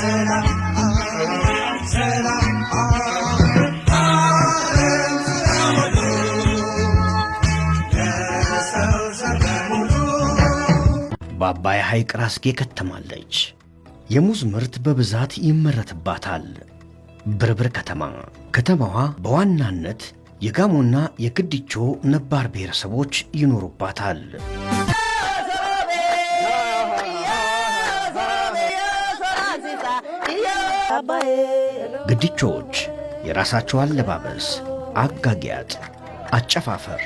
ሰላም በአባይ ሐይቅ ራስጌ ከተማለች። የሙዝ ምርት በብዛት ይመረትባታል። ብርብር ከተማ ከተማዋ በዋናነት የጋሞና የግድቾ ነባር ብሔረሰቦች ይኖሩባታል። ግድቾች የራሳቸው አለባበስ፣ አጋጊያጥ፣ አጨፋፈር፣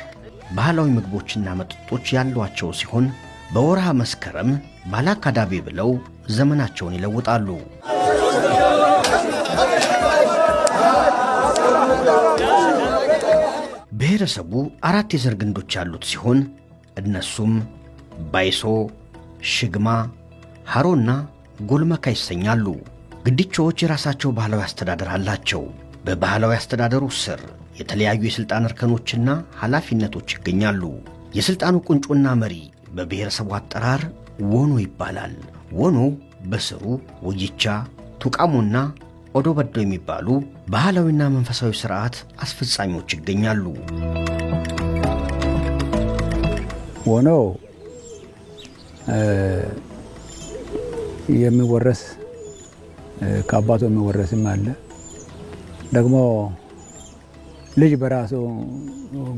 ባህላዊ ምግቦችና መጠጦች ያሏቸው ሲሆን በወርሃ መስከረም ባላካዳቤ ብለው ዘመናቸውን ይለውጣሉ። ብሔረሰቡ አራት የዘር ግንዶች ያሉት ሲሆን እነሱም ባይሶ፣ ሽግማ፣ ሀሮና ጎልመካ ይሰኛሉ። ግድቻዎች የራሳቸው ባህላዊ አስተዳደር አላቸው። በባህላዊ አስተዳደሩ ስር የተለያዩ የሥልጣን እርከኖችና ኃላፊነቶች ይገኛሉ። የሥልጣኑ ቁንጮና መሪ በብሔረሰቡ አጠራር ወኖ ይባላል። ወኖ በስሩ ውይቻ፣ ቱቃሞና ኦዶ በዶ የሚባሉ ባህላዊና መንፈሳዊ ሥርዓት አስፈጻሚዎች ይገኛሉ። ወኖ የሚወረስ ከአባቱ የሚወረስም አለ። ደግሞ ልጅ በራሱ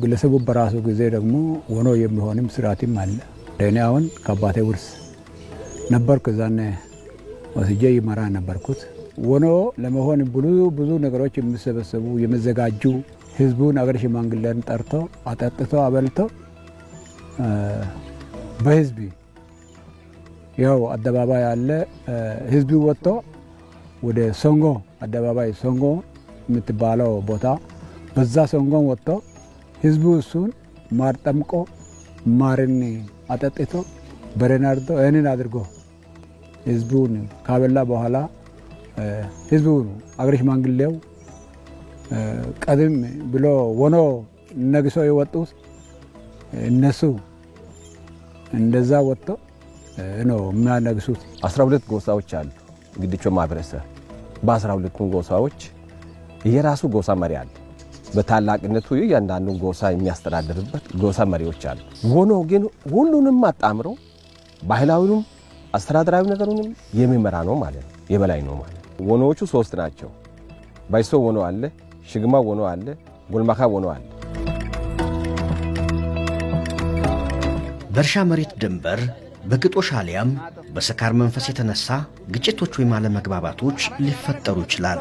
ግለሰቡ በራሱ ጊዜ ደግሞ ሆኖ የሚሆንም ስርዓትም አለ። እኔ አሁን ከአባቴ ውርስ ነበርኩ። እዛኔ ወስጄ ይመራ ነበርኩት። ሆኖ ለመሆን ብዙ ብዙ ነገሮች የሚሰበሰቡ የሚዘጋጁ ህዝቡን አገር ሽማግሌን ጠርቶ አጠጥቶ አበልቶ በህዝብ ያው አደባባይ አለ ህዝብ ወጥቶ ወደ ሶንጎ አደባባይ ሶንጎ የምትባለው ቦታ በዛ ሶንጎን ወጥቶ ህዝቡ እሱን ማር ጠምቆ ማርን አጠጥቶ በሬን አርዶ ይህንን አድርጎ ህዝቡን ካበላ በኋላ ህዝቡ አገረ ሽማግሌው ቀድም ብሎ ወኖ ነግሶ የወጡት እነሱ እንደዛ ወጥቶ ነው የሚያነግሱት። አስራ ሁለት ጎሳዎች አሉ። ግድቾ ማህበረሰብ በአስራ ሁለቱም ጎሳዎች የራሱ ጎሳ መሪ አለ። በታላቅነቱ እያንዳንዱ ጎሳ የሚያስተዳድርበት ጎሳ መሪዎች አሉ። ሆኖ ግን ሁሉንም አጣምሮ ባህላዊንም አስተዳደራዊ ነገሩንም የሚመራ ነው ማለት ነው፣ የበላይ ነው ማለት ነው። ወኖዎቹ ሶስት ናቸው። ባይሶ ወኖ አለ፣ ሽግማ ወኖ አለ፣ ጎልማካ ወኖ አለ። በእርሻ መሬት ድንበር በግጦሽ አሊያም በስካር መንፈስ የተነሳ ግጭቶች ወይም አለመግባባቶች ሊፈጠሩ ይችላል።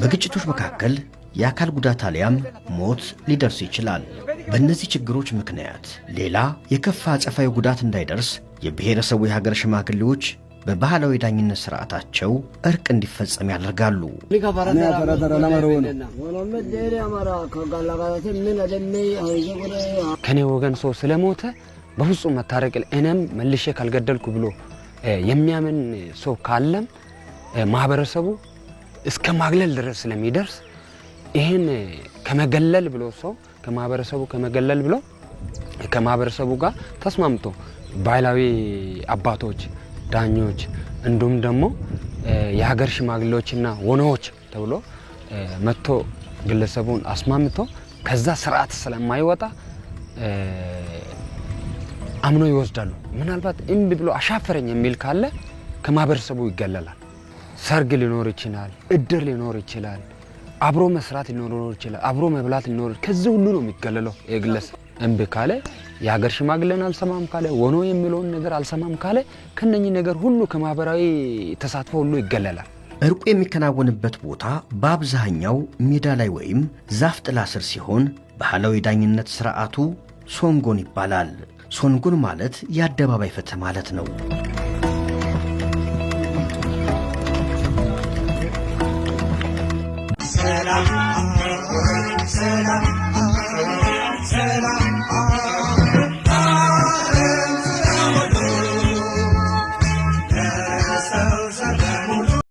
በግጭቶች መካከል የአካል ጉዳት አሊያም ሞት ሊደርስ ይችላል። በእነዚህ ችግሮች ምክንያት ሌላ የከፋ አጸፋዊ ጉዳት እንዳይደርስ የብሔረሰቡ የሀገር ሽማግሌዎች በባህላዊ ዳኝነት ስርዓታቸው እርቅ እንዲፈጸም ያደርጋሉ። ከኔ ወገን ሰው ስለሞተ በፍጹም መታረቅ እኔም መልሼ ካልገደልኩ ብሎ የሚያምን ሰው ካለም ማህበረሰቡ እስከ ማግለል ድረስ ስለሚደርስ ይህን ከመገለል ብሎ ሰው ከማህበረሰቡ ከመገለል ብሎ ከማህበረሰቡ ጋር ተስማምቶ ባህላዊ አባቶች፣ ዳኞች እንዲሁም ደግሞ የሀገር ሽማግሌዎችና ወኖዎች ተብሎ መጥቶ ግለሰቡን አስማምቶ ከዛ ስርዓት ስለማይወጣ አምኖ ይወስዳሉ። ምናልባት እምቢ ብሎ አሻፈረኝ የሚል ካለ ከማህበረሰቡ ይገለላል። ሰርግ ሊኖር ይችላል፣ እድር ሊኖር ይችላል፣ አብሮ መስራት ሊኖር ይችላል፣ አብሮ መብላት ሊኖር ከዚህ ሁሉ ነው የሚገለለው የግለሰብ እምቢ ካለ የሀገር ሽማግሌን አልሰማም ካለ ወኖ የሚለውን ነገር አልሰማም ካለ ከነኚህ ነገር ሁሉ ከማህበራዊ ተሳትፎ ሁሉ ይገለላል። እርቁ የሚከናወንበት ቦታ በአብዛኛው ሜዳ ላይ ወይም ዛፍ ጥላ ስር ሲሆን ባህላዊ ዳኝነት ስርዓቱ ሶንጎን ይባላል። ሶንጉን ማለት የአደባባይ ፍትህ ማለት ነው። ሰላም